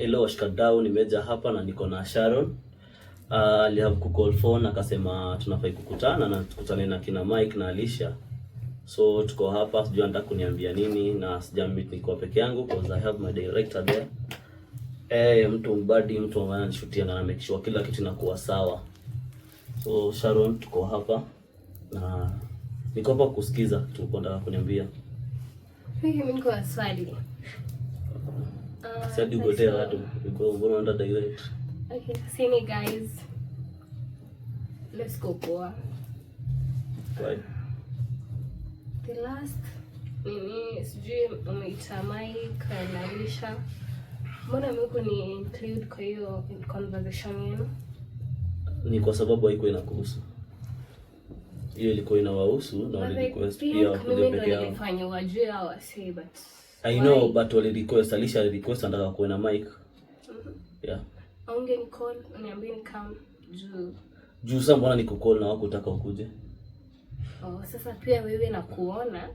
hello washikadau, nimeja hapa na niko na Sharon. Uh, li have kucall phone akasema tunafai kukutana na tukutane na kina Mike na Alicia. So tuko hapa, sijui anataka kuniambia nini na sijamit, niko peke yangu because I have my director there. Eh, hey, mtu mbadi, mtu ambaye anashutia na make sure kila kitu inakuwa sawa. So Sharon, tuko hapa na niko hapa kusikiza, tuko nataka kuniambia. Mimi niko swali. Uh, Sadi gote watu uko mbona under direct. Okay, see me guys. Let's go poa. Why? The last nini sijui umeita Mike na Alicia. Mbona mko ni include kwa hiyo conversation yenu? Ni kwa sababu haiko inakuhusu. Hiyo ilikuwa inawahusu na wali request pia wakuje peke yao. Nilifanya wajue hawasei but I know Why? but wali request Alisha request anataka kuwe na mic. Mm-hmm. Yeah. Aunge ni call niambie ni come juu. Juu sasa mbona niko call na wako utaka ukuje? Oh, sasa pia wewe na kuona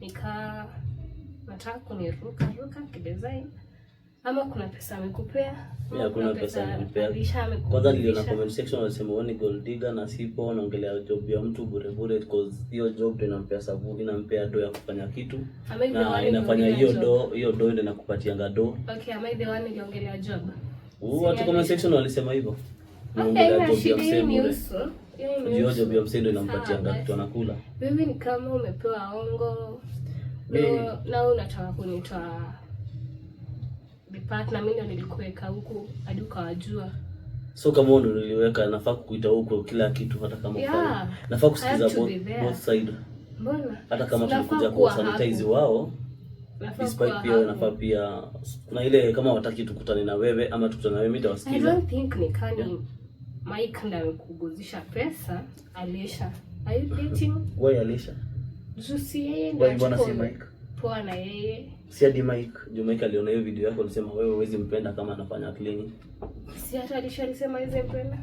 nika nataka kuniruka ruka kidesign ama kuna pesa amekupea? ya kuna pesa nilipea. Kwanza niliona comment section wanasema wewe ni gold digger na sipo, naongelea job ya mtu bure bure, because hiyo job ndio inampea sababu, inampea do ya kufanya kitu na inafanya hiyo do, hiyo do ndio inakupatia ngado. Okay, am I the one niliongelea job? Watu comment section walisema hivyo. Naongelea job ya msemo. Hiyo job ya msemo ndio inampatia ngado anakula. Mimi ni kama umepewa ongo. Na wewe unataka kunitoa partner mimi ndo nilikuweka huku hadi ukawajua. So kama wewe ndo niliweka, nafaa kukuita huko kila kitu, hata kama yeah, nafaa kusikiza both side. Mbona hata kama tunakuja kwa sanitize wao despite pia nafaa pia kuna ile kama wataki tukutane na wewe ama tukutane na wewe, mimi nitawasikiza. I don't think ni kani yeah. Mike ndo amekuguzisha pesa, Alisha. Are you dating? Why Alisha? Jusi yeye ndio. Why bwana si Mike? Poa na yeye. Si hadi Mike, Joe Mike aliona hiyo video yako alisema wewe huwezi mpenda kama anafanya clean. Si hata alishalisema hizo mpenda.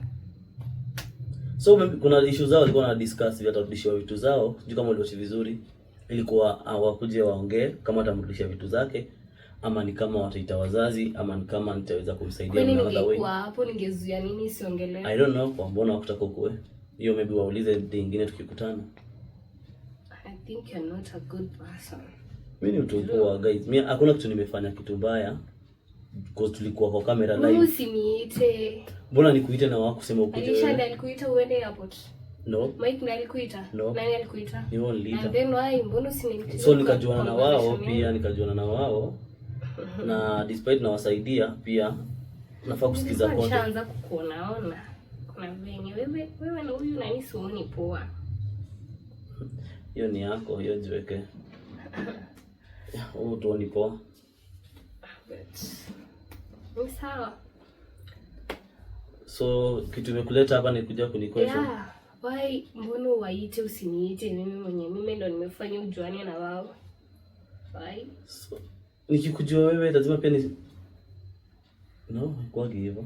So maybe kuna issue zao walikuwa na discuss vya tarudishia vitu zao, sijui kama uliwachi vizuri. Ilikuwa hawakuje ah, waongee kama atamrudishia vitu zake ama ni kama wataita wazazi ama ni kama nitaweza kumsaidia na other way. Kwa hapo ningezuia nini siongelee? I don't know kwa mbona hakutaka ukue. Hiyo maybe waulize nyingine tukikutana. I think you're not a good person. Mimi ni mtu poa guys. Mimi hakuna kitu nimefanya kitu mbaya. Because tulikuwa kwa kamera live. Mimi usiniite. Mbona nikuite na wako sema ukuje? Alisha ndio alikuita uende airport. No. Mike ndiye alikuita. No. Nani alikuita? Ni wao nilita. And then why mbona usiniite? So nikajuana na wao pia nikajuana na wao. Na despite nawasaidia pia nafaa kusikiza kwa. Nishaanza kukuona ona. Kuna venye wewe wewe na huyu nani sioni poa. Hiyo ni yako, hiyo jiweke. O Doni poa. Ahmed. sawa. So kitu imekuleta hapa ni kuja kunikwesha. Yeah. Wai, mbona waite usiniite mimi mwenye mimi ndo nimefanya ujuani na wao. Wai. So, nikikujua wewe lazima pia ni No, kwagi hivyo.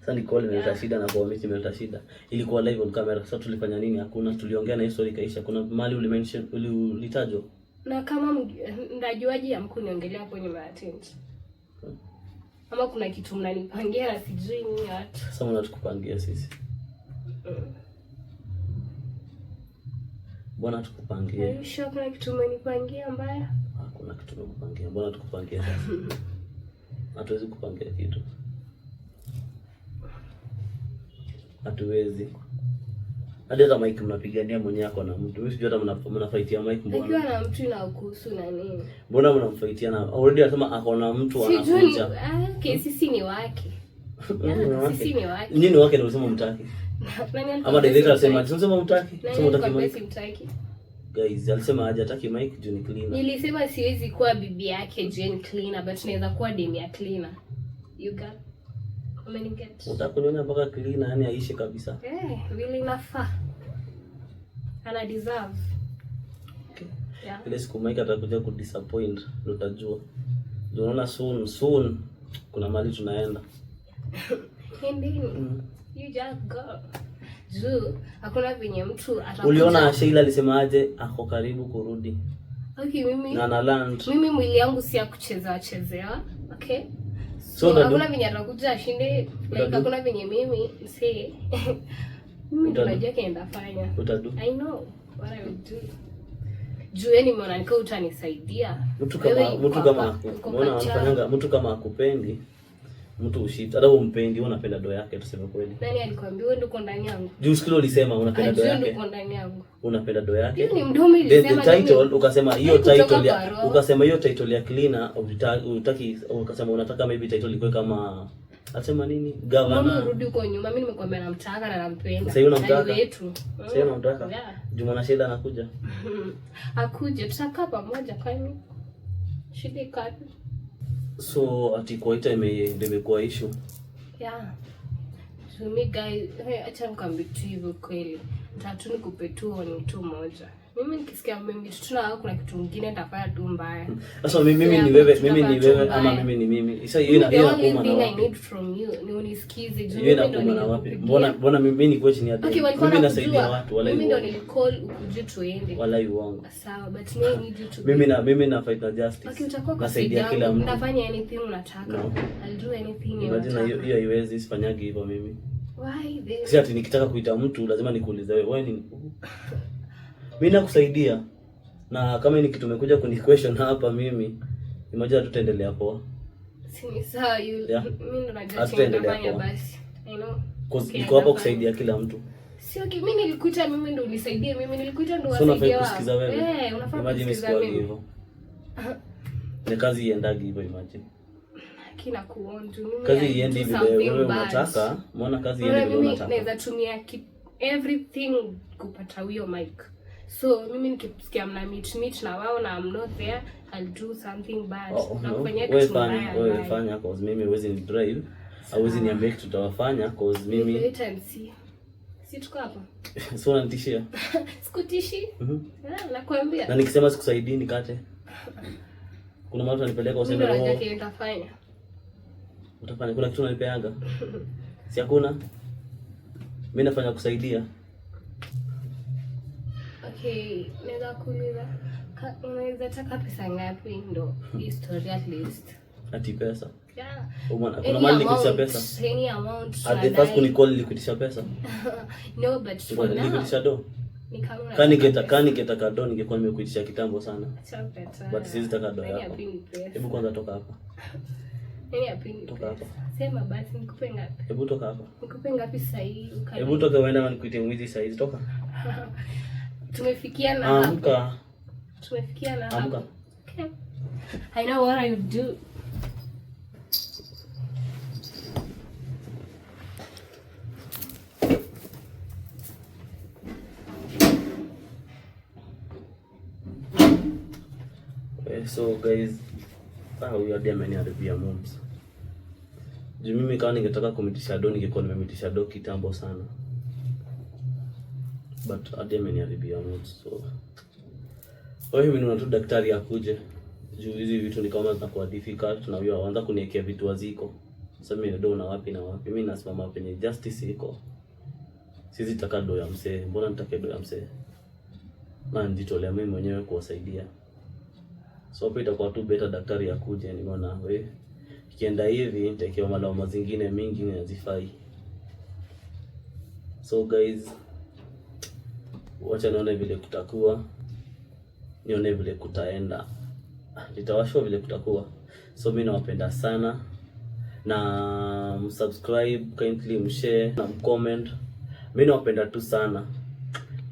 Sasa ni call imeleta shida na kwa mimi imeleta shida. Ilikuwa live on camera. Sasa tulifanya nini? Hakuna, tuliongea na hiyo story kaisha. Kuna mali uli mention uli ulitajwa. Na kama ndajuaje niongelea hapo nyuma ya tent. Ama kuna kitu mnanipangia na sijui ni watu. Sasa mnatukupangia sisi. Mm. Bwana tukupangie. Are you sure kuna kitu mmenipangia mbaya? Hakuna kitu mmekupangia. Bwana tukupangie. Hatuwezi kupangia kitu. hatuwezi hadi hata Mike mnapigania mwenyewe ako na mtu. Mimi sijui hata mnafaitia Mike mbona. Nikiwa na mtu na kuhusu na nini? Mbona mnamfaitia na already anasema ako na mtu anakuja. Ah, okay, hmm? sisi ni wake. Sisi ni wake. Nyinyi ni wake ndio msema mtaki. Ama director anasema sema mtaki. Sema mtaki mtaki Guys, alisema hajataki Mike juu ni cleaner. Nilisema siwezi kuwa bibi yake Jane cleaner but naweza kuwa demia cleaner. You got utakunyonya mpaka kilini yani aishi kabisa. Eh, hey, vile nafaa. Ana deserve. Okay. Yeah. Ile siku Mike atakuja ku disappoint ndio utajua. Ndio unaona soon soon kuna mali tunaenda. Hindi. Mm. You just go. Juu hakuna venye mtu atakuja. Uliona Sheila alisemaje ako karibu kurudi. Okay, mimi. Na na land. Mimi mwili yangu si ya kucheza chezea. Okay so hakuna venye atakuja ashinde, hakuna venye mimi si. mimi tunajua kaenda fanya I know what I will do juu yani umeona nikaa utanisaidia mtu kama mtu kama mtu kama akupendi Mtu ushit hata umpendi, wewe unapenda doa yake, tuseme kweli. Nani alikwambia wewe ndio ndani yangu? Juu sikilo ulisema unapenda doa yake. Ndio ndani yangu. Unapenda doa yake. ni mdomo ilisema. The title ukasema hiyo title ya ukasema hiyo title ya cleaner utaki ukasema unataka maybe title ikuwe kama Asema nini? Gavana. Mama rudi huko nyuma. Mimi nimekuambia namtaka na nampenda. Sasa unamtaka. Wetu. Sasa unamtaka. Juma na Sheda anakuja. Akuje tutakaa pamoja kwani. Shida ikapi? So ati kuwaita ndio imekuwa issue? Yeah. To me guys, acha nikwambie tu hivyo kweli. Tatu nikupe tu ni tu moja. Mimi nikisikia mimi tu na wewe kuna kitu kingine nitafanya tu mbaya. Ah, Sasa mimi mimi ni wewe, mimi ni wewe ama mimi ni mimi. Sasa hiyo ina hiyo inakuuma na wapi? I need from you. Ni unisikize juu. Hiyo inakuuma na wapi? Mbona mbona mimi niko chini ya dini. Mimi nasaidia watu wala Mimi ndio nilicall ukuje tuende. Wala hiyo uongo. Sawa, but me need you to Mimi na mimi na fight justice. Okay, utakuwa kusaidia kila mtu. Nafanya anything unataka. No. I'll do anything you want. Imagine hiyo haiwezi sifanyagi hivyo mimi. Why? Si ati nikitaka kuita mtu lazima nikuulize wewe, wewe ni Mimi nakusaidia. Na kama ni kitu umekuja kuni question hapa mimi, imagine tutaendelea poa. Si sawa yule. Yeah. Mimi ndo najua tutaendelea basi. You know. Kwa niko hapa kusaidia kila mtu. Sio ki mimi nilikuita mimi ndo unisaidie, mimi nilikuita ndo wasaidie. Unafaa kusikiza wewe. Eh, unafaa kusikiza wewe. Ni kazi iendagi hivyo imagine. Kina kuonju. Kazi iende hivyo wewe unataka, Muona kazi iende hivyo unataka. Mimi naweza tumia everything kupata huyo mic so mimi nikisikia mna meet meet na wao na I'm not there I'll do something bad oh, na kufanya kitu mbaya wewe fanya cause mimi huwezi ni drive hauwezi niambia kitu tawafanya cause mimi wait and see si tuko hapa so unanitishia sikutishi mm -hmm. nakwambia na nikisema sikusaidii nikate kuna mtu anipeleka useme roho mimi nitafanya utafanya kuna kitu unanipeanga si hakuna mimi nafanya kusaidia okay, naweza kuuliza unaweza taka pesa ngapi ndo story at least ati pesa Yeah. Kuna mali nilikuitisha pesa. Any amount. At the first kuni call nilikuitisha pesa. No, but for now. Nilikuitisha do. Kani geta kani geta kado ningekuwa nimekuitisha kitambo sana. But siwezi taka do yako. Hebu kwanza toka hapa. Hebu toka hapa. Hebu toka uende wanikuite mwizi sasa hizi toka. Tumefikia na amka. Tumefikia na amka. Okay. I know what I would do. Eh, so guys, huyo hadi ameniharibia moms. Juu mimi kama ningetaka kumitisha do ningekuwa nimemitisha do kitambo sana but hadi ameniharibia mood so kwa hiyo mimi tu daktari akuje juu hizi vitu ni kama zinakuwa difficult, na huyo aanza kuniwekea vitu waziko Sasa mimi ndo na wapi na wapi, mimi nasimama penye justice iko. Sisi taka do ya mse mbona nitake do ya mse Na nijitolea mimi mwenyewe kuwasaidia, so pia itakuwa tu better daktari akuje nimeona. We kienda hivi nitakiwa malao mazingine mingi na zifai So guys wacha nione vile kutakuwa, nione vile kutaenda, nitawashwa vile kutakuwa. So mimi nawapenda sana, na msubscribe kindly, mshare na mcomment. Mimi nawapenda tu sana,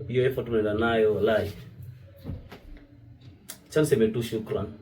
hiyo effort tunaenda nayo like chance imetu. shukrani.